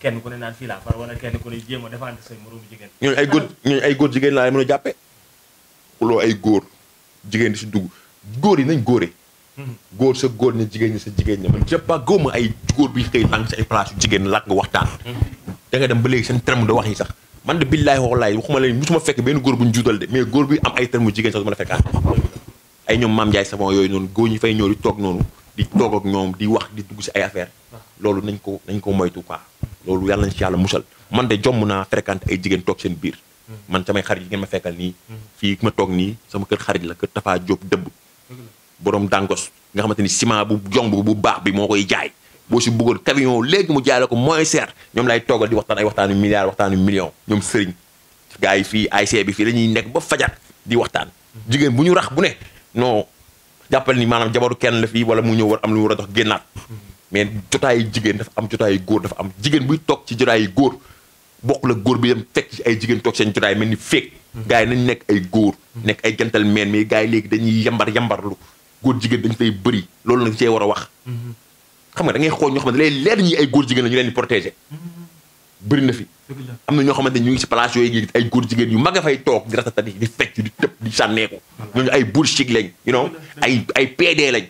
kenn ku ne naan fii laa far wala kenn ku ne jéem a defante say moromu jigéen. ñooñu ay góor ñooñu ay góor jigéen laa mën a jàppee. xuloo ay góor jigéen di si dugg góor yi nañ góore. Mhm. góor sa góor ña jigéen ñi sa jigéen ay góor bi xëy làng sa ay place yu jigéen làkk nga waxtaan. Mhm. da nga dem ba léegi seen terme de wax yi sax man de billaahi wallaahi waxuma leen de mais góor bi am ay terme jigéen sax a fekkaat. ay ñoom yooyu noonu di toog noonu di toog ak ñoom di wax di dugg si ay affaire ah. loolu nañ ko nañ loolu yàlla nañ ci yàlla musal man de jomm naa fréquente ay jigéen toog seen biir hmm. man samay xarit yi ngeen ma fekkal nii hmm. fii ma toog nii sama kër xarit la kër Tafa Diop dëbb borom dangos nga xamante ni ciment bu jong bu baax bi moo koy jaay boo si bëggoon camion léegi mu jaay la ko moins cher ñoom lay toogal di waxtaan ay waxtaanu milliards waxtaanu million ñoom sëriñ gars yi fii AIC bi fii la ñuy nekk ba fajar di waxtaan hmm. jigéen bu ñu rax bu ne non jàppal ni maanaam jabaru kenn la fii wala mu ñëw war am lu a dox génnaat mais jotaayu jigéen dafa am jotaayu góor dafa am jigéen buy toog ci jotaayu góor bokkul ak góor bi dem fekk ci ay jigéen toog seen jotaay mel ni fekk mhm. gars yi nañ nekk ay góor. Mhm. nekk ay gental meen mais gars yi léegi dañuy yambar yambarlu góor jigéen dañ fay bëri loolu nag cee war a wax. Mhm. xam nga da ngay xool ñoo xamante ne ay góor jigéen la ñu leen di protéger. bëri na fi. am na ñoo xamante ne ñu ngi si place yooyu ay góor jigéen yu mag a fay toog di ratatati di fecc di tëb di sànneeku. ñooñu ay bullshit lañ. you know ay ay lañ.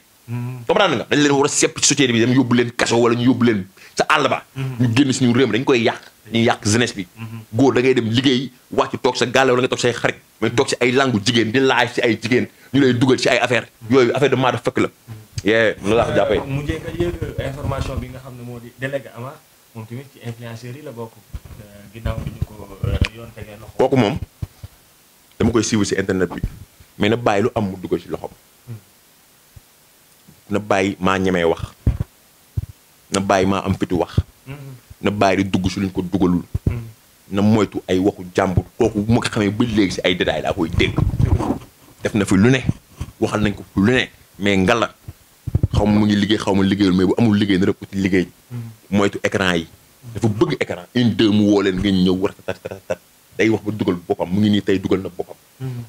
comprendre nga dañ leen war a sepp ci société bi dem yóbbu leen kaso wala ñu yóbbu leen sa àll ba mhm. ñu génn suñu réew mi dañ koy yàq ñu yàq jeunesse bi mhm. góor da ngay dem liggéey wàcc toog sa gàlle wala nga toog say xarit mais toog si ay langu jigéen di laaj si ay jigéen ñu lay dugal ci ay affaire mhm. yooyu affaire de maa daf fekk la yee mu njëkk information bi nga xam ne moo di délégué Ama moom tamit ci influenceurs yi la bokk euh, ginnaaw bi euh, yoon tegee loxo kooku moom dama koy siiw si internet bi mais na bàyyi lu am mu dugal ci loxom na bàyyi maa ñemee wax na bàyyi maa am fitu wax mm-hmm. na bàyyi dugg si luñ ko dugalul mm-hmm. na moytu ay waxu jàmbur kooku mu ma ko xamee ba léegi si ay détails laa koy dégg def na fi lu ne waxal nañ ko fi lu ne mais ngala xaw ma mu ngi liggéey xaw ma liggéeyul mais bu amul liggéey na rek uti liggéey mm-hmm. moytu écran yi dafa bëgg écran une deux mu woo leen nga ñëw war a tat day wax ba dugal boppam mu ngi nii tey dugal na boppam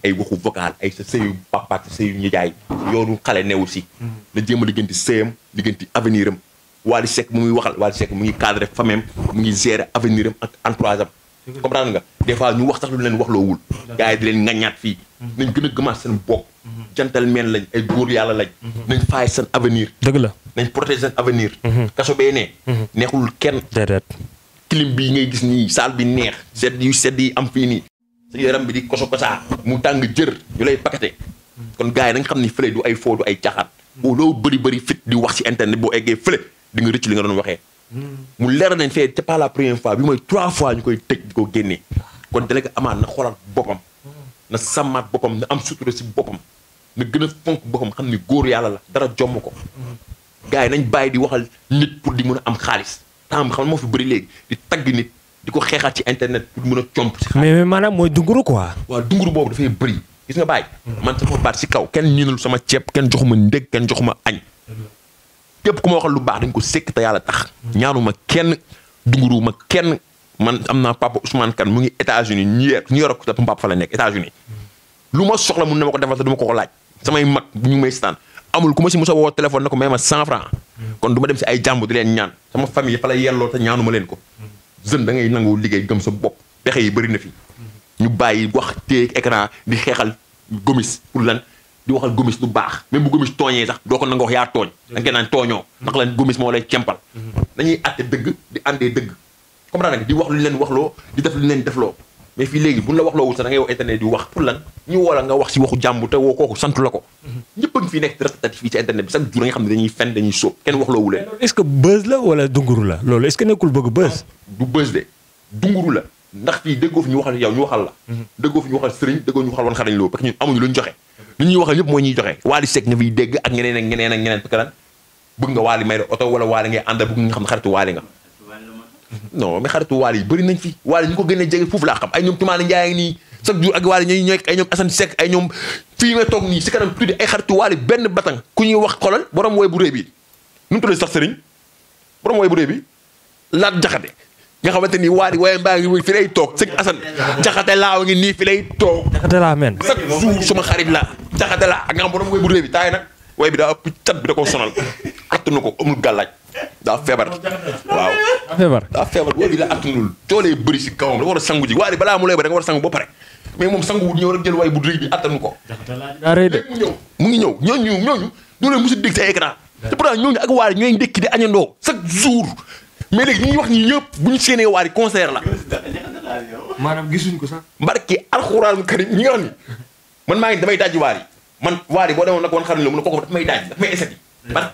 ay waxu vocal ay sa sëyu papa sa sëyu nijaay yoonu xale newu si la jéem a liggéenti sëyam liggéenti avenir am Wally Seck mu ngi waxal Wally Seck mu ngi cadré famem mu ngi gérer avenir ak entourage am comprendre nga des ñu wax sax lu mhm. a mhm. mhm. neex sedd sa yaram bi di koso kosaa mu tàng jër ñu lay pakate kon gars yi nañ ay foo ay caxaat boo loo bëri bëri fit di wax ci internet boo eggee fële di nga rëcc li nga doon waxee. mu leer nañ fee c'est pas la première fois bi mooy trois fois ñu koy tëj di ko génnee kon délégué Amar na xoolaat boppam. na sàmmaat boppam na am sutura ci boppam na gën a fonk boppam xam ni góor yàlla la dara jomm ko. gars yi nañ bàyyi di waxal nit pour di mën a am xaalis temps xam moo fi bëri léegi di tagg nit di ko xeexaat ci internet pour mën a comp. ci xaalis mais mais maanaam mooy dunguru gis nga bay man sama baat ci kaw ken ñinul sama ciep ken joxuma ndeg ken joxuma añ kep ku ma waxal lu baax dañ ko sekk ta yalla tax ñaanuma ken dunguruma ken, man amna papa Ousmane kan mu ngi États-Unis ñu yor ñu yor ko papa fa la nek États-Unis lu soxla mu na ma ko defal te ko ko laaj samay mag ñu may staan amul kuma ci si wo telephone nako téléphone 100 francs kon duma dem si ay jambu di len ñaan sama famille fa la yello te ñaanuma len ko zeun da ngay nangoo liggey sa bop pexey bari na fi ñu bayyi wax téeg écran di xéxal gomis pour lan di waxal gomis lu baax même bu gomis toñé sax do ko nanga wax ya toñ da nga nan toño nak lan gomis mo lay cempal dañuy atté dëgg di andé dëgg comme nak di wax lu ñu leen waxloo di def lu ñu leen defloo mais fii léegi buñ la waxloo wul sax da ngay wax internet di wax pour lan ñu wala nga wax ci waxu jambu té wo koku sant lako ñepp ñëpp a ngi fii nekk di ci internet bi sax jour nga xamni dañuy fen dañuy sóob kenn waxloo wu leen est ce que buzz la wala dunguru la lolu est ce que nekul bëgg buzz du buzz dé dunguru la ndax fii déggoo fi ñu waxal yow ñu waxal la mhm. déggoo fi ñu waxal sëriñ déggoo ñu waxal wan xarañ loo parce que ñun amuñu lu ñu joxe li ñuy waxal ñëpp mooy ñuy joxe waali sek nga fiy dégg ak ñeneen ak ñeneen ak ñeneen parce que lan bëgg nga waali may xaritu waali yi bëri nañ fi waali ñu ko gën a jege foofu laa xam ay ñoom tumaane njaay ak nii chaque jour ak waali ñooy ñooy ay ñoom Assane Seck ay ñoom fii nga toog nii si kanam tuddi ay xaritu waali benn batang ku ñuy wax xolal borom wooy bu réy bi nu mu tuddee sax sëriñ borom wooy bu réy bi nga xamante ni waari waaye mbaa ngi fi lay toog sëñ Assane jaxate laa wa ngi nii fi lay toog. jaxate laa men chaque jour suma xarit laa jaxate laa ak nga xam borom ko amul gàllaaj daa feebar waaw. daa feebar daa feebar woy bi la attanul coolee bëri ji waari balaa mu lay ba da nga ba pare mais moom sangu wut ñëw rek jël way bu réew bi attanu ko. mu ngi ñëw ñooñu ñooñu doo leen mos a dégg sa écran te pourtant ñooñu ak waari ñooy ndékki di añandoo chaque jour mais léegi ñu wax ñi ñëpp bu ñu séenee waari concert la. maanaam gisuñ ko karim ñi maa ngi damay daj waari man waari boo demoon nag woon xarala mu ne kooku daf may daj daf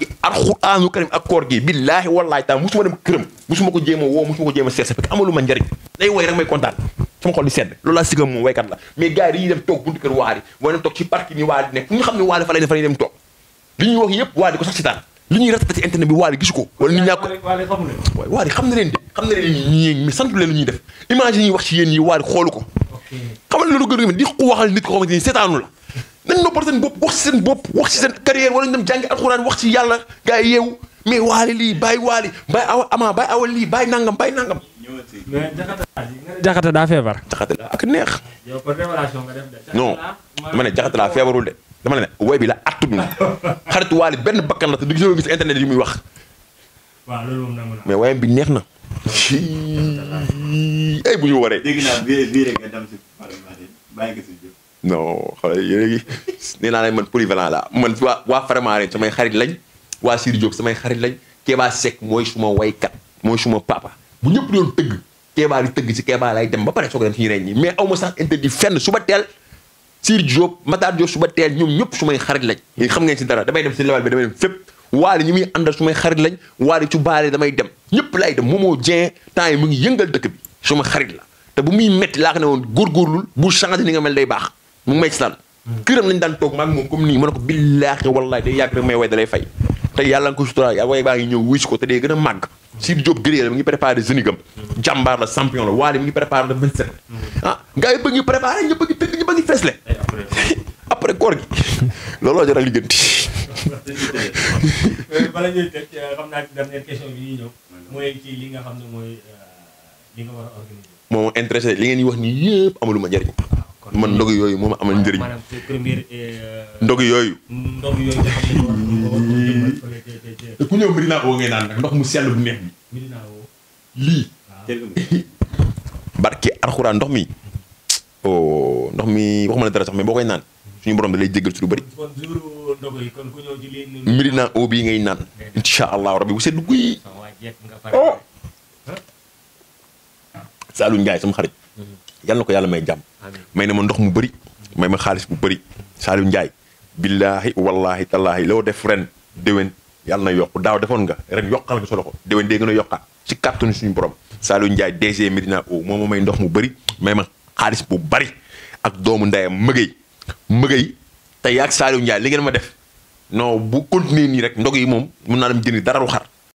karim ak gi billaahi wallaahi taala musuma dem këram musuma ko jéem a woo musuma ko jéem a seet fekk amalu ma njariñ day woy rek may kontaan sama xol di sedd loolu laa sigam moom waykat la mais gars yi dañuy dem toog buntu kër waari wala dem toog ci parc ni waari ne waari fa lay def fa lay dem toog li ñuy li ñuy respecté internet bi waari gisu ko. wala nit ñaa ko waari xam na leen de xam na leen ñii mais sant leen lu ñuy def image yi wax ci yéen yi waari xoolu ko. xamal lu gën a di ko waxal nit ko xamante ni seetaanu la. nañ noppal seen bopp wax ci seen bopp wax ci seen carrière wala ñu dem jàngi alxuraan wax ci yàlla gars yi yeewu mais waali lii bàyyi waali bàyyi awa ama bàyyi awa lii bàyyi nangam bàyyi nangam. mais jaxata jaxata daa feebar. jaxata ak neex. yow kon révélation nga def de. non dama ne jaxata laa feebarul de. dama la ne woy bi la attub na xaritu waali benn bakkan la te du gis internet yi muy wax. waaw loolu moom nangu na mais woyam bi neex na. ay bu ñu waree. dégg naa bii rek nga dem si bàyyi ko si non xoolal léegi nee naa leen man polyvalent la man waa waa Faramaren samay xarit lañ waa Sidi Diop samay xarit lañ Kéba Seck mooy suma waykat mooy suma papa bu ñëpp doon tëgg Kéba di tëgg si Kéba lay dem ba pare soog a dem si ñeneen ñi mais aw ma sax interdit fenn suba teel. Sir Diop Matar Diop suba teel ñoom ñëpp su may xarit lañ yéen xam ngeen si dara damay dem si lewal bi damay dem fépp waale ñu muy àndal su may xarit lañ waale dem ñëpp laay dem moomoo jeen temps yi mu ngi yëngal dëkk bi su ma xarit la te laa ne woon góorgóorlul bu changé ni nga mel day baax mu ngi may si hmm. këram lañ daan toog maa moom comme nii ma ne ko billaahi wallaahi day yàgg rek may way da lay fay te yàlla nga ko sutura waaye baa ngi si ko te day gën a màgg Sir Diop mu ngi préparé zénigam jàmbaar la champion la waale mi ngi préparé le 27. ah gars yi bëgg ñu préparé ñu bëgg tëgg ñu bëgg fesle. après koor gi looloo jaral liggéenti. Euh, bala euh, nga xam ne mooy euh, li moom moo intéressé li ngeen di wax nii yëpp amaluma njëriñ. Ah, man ndog yooyu moom amal njëriñ. ndog yooyu. ndog yooyu nga ndox mu sell bu neex bi. lii. barke alxuraan ndox mi oh ndox mi waxuma la dara sax mais boo koy naan suñu borom da lay jéggal ci lu bëri. kon mbiri naa eau ngay naan. incha allahu rabi bu sedd guy. oh. Saalum Ndiaye sama xarit. yal na ko yàlla may jàmm. may ma ndox mu bari may ma xaalis bu bëri. Saalum Ndiaye. billaahi wallaahi tallaahi loo def ren déwén yàlla na yokk daaw defoon nga ren yokkal nga sa loxo déwén dee gën a yokkaat ci kàttanu suñu borom. Saalum Ndiaye DG Medina o oh, moom moo may ndox mu bëri may ma xaalis bu bëri ak doomu ndeyam mëgëy mëgëy tey ak Saalum Ndiaye li ngeen ma def non bu continuer nii rek ndog yi moom mun naa dem jëndi dara lu xar.